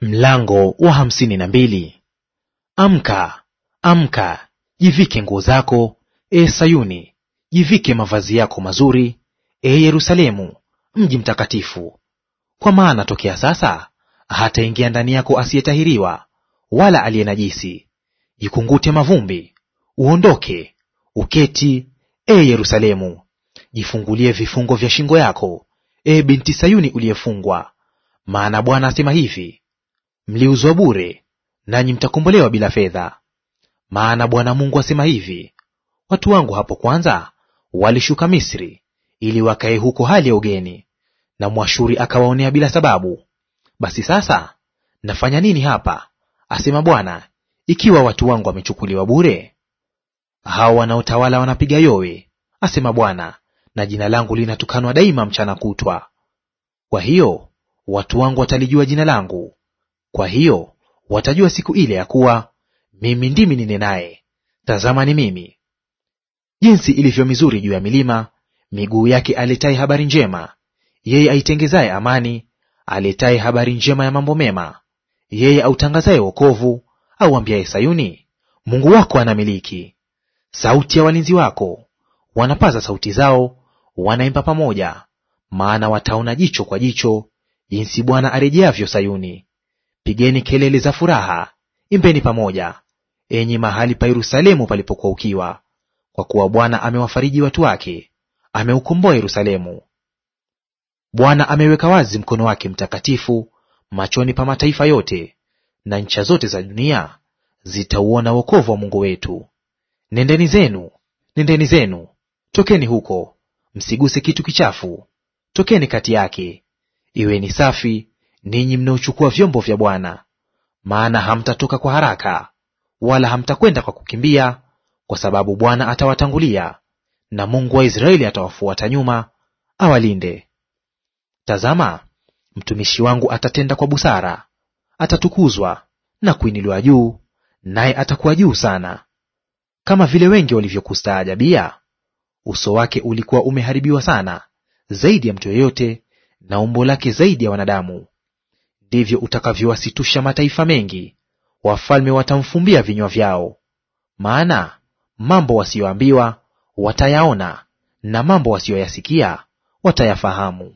Mlango wa hamsini na mbili. Amka, amka, jivike nguo zako, e Sayuni, jivike mavazi yako mazuri, e Yerusalemu, mji mtakatifu. Kwa maana tokea sasa hataingia ndani yako asiyetahiriwa wala aliye najisi. Jikungute mavumbi, uondoke, uketi, e Yerusalemu. Jifungulie vifungo vya shingo yako, e binti Sayuni uliyefungwa. Maana Bwana asema hivi: mliuzwa bure, nanyi mtakombolewa bila fedha. Maana Bwana Mungu asema hivi, watu wangu hapo kwanza walishuka Misri ili wakae huko hali ya ugeni, na Mwashuri akawaonea bila sababu. Basi sasa nafanya nini hapa, asema Bwana, ikiwa watu wangu wamechukuliwa bure? Hao wanaotawala wanapiga yowe, asema Bwana, na jina langu linatukanwa daima mchana kutwa. Kwa hiyo watu wangu watalijua jina langu, kwa hiyo watajua siku ile ya kuwa mimi ndimi ninenaye, tazama ni mimi. Jinsi ilivyo mizuri juu ya milima miguu yake aletaye habari njema, yeye aitengezaye amani, aletaye habari njema ya mambo mema, yeye autangazaye wokovu, auambiaye Sayuni, Mungu wako anamiliki. Sauti ya walinzi wako, wanapaza sauti zao, wanaimba pamoja, maana wataona jicho kwa jicho, jinsi Bwana arejeavyo Sayuni. Pigeni kelele za furaha, imbeni pamoja, enyi mahali pa Yerusalemu palipokuwa ukiwa, kwa kuwa Bwana amewafariji watu wake, ameukomboa Yerusalemu. Bwana ameweka wazi mkono wake mtakatifu machoni pa mataifa yote, na ncha zote za dunia zitauona wokovu wa Mungu wetu. Nendeni zenu, nendeni zenu, tokeni huko, msiguse kitu kichafu, tokeni kati yake; iwe ni safi ninyi mnaochukua vyombo vya Bwana, maana hamtatoka kwa haraka, wala hamtakwenda kwa kukimbia, kwa sababu Bwana atawatangulia, na Mungu wa Israeli atawafuata nyuma, awalinde. Tazama, mtumishi wangu atatenda kwa busara, atatukuzwa na kuinuliwa juu, naye atakuwa juu sana. Kama vile wengi walivyokustaajabia, uso wake ulikuwa umeharibiwa sana zaidi ya mtu yeyote, na umbo lake zaidi ya wanadamu ndivyo utakavyowasitusha mataifa mengi, wafalme watamfumbia vinywa vyao. Maana mambo wasiyoambiwa watayaona, na mambo wasiyoyasikia watayafahamu.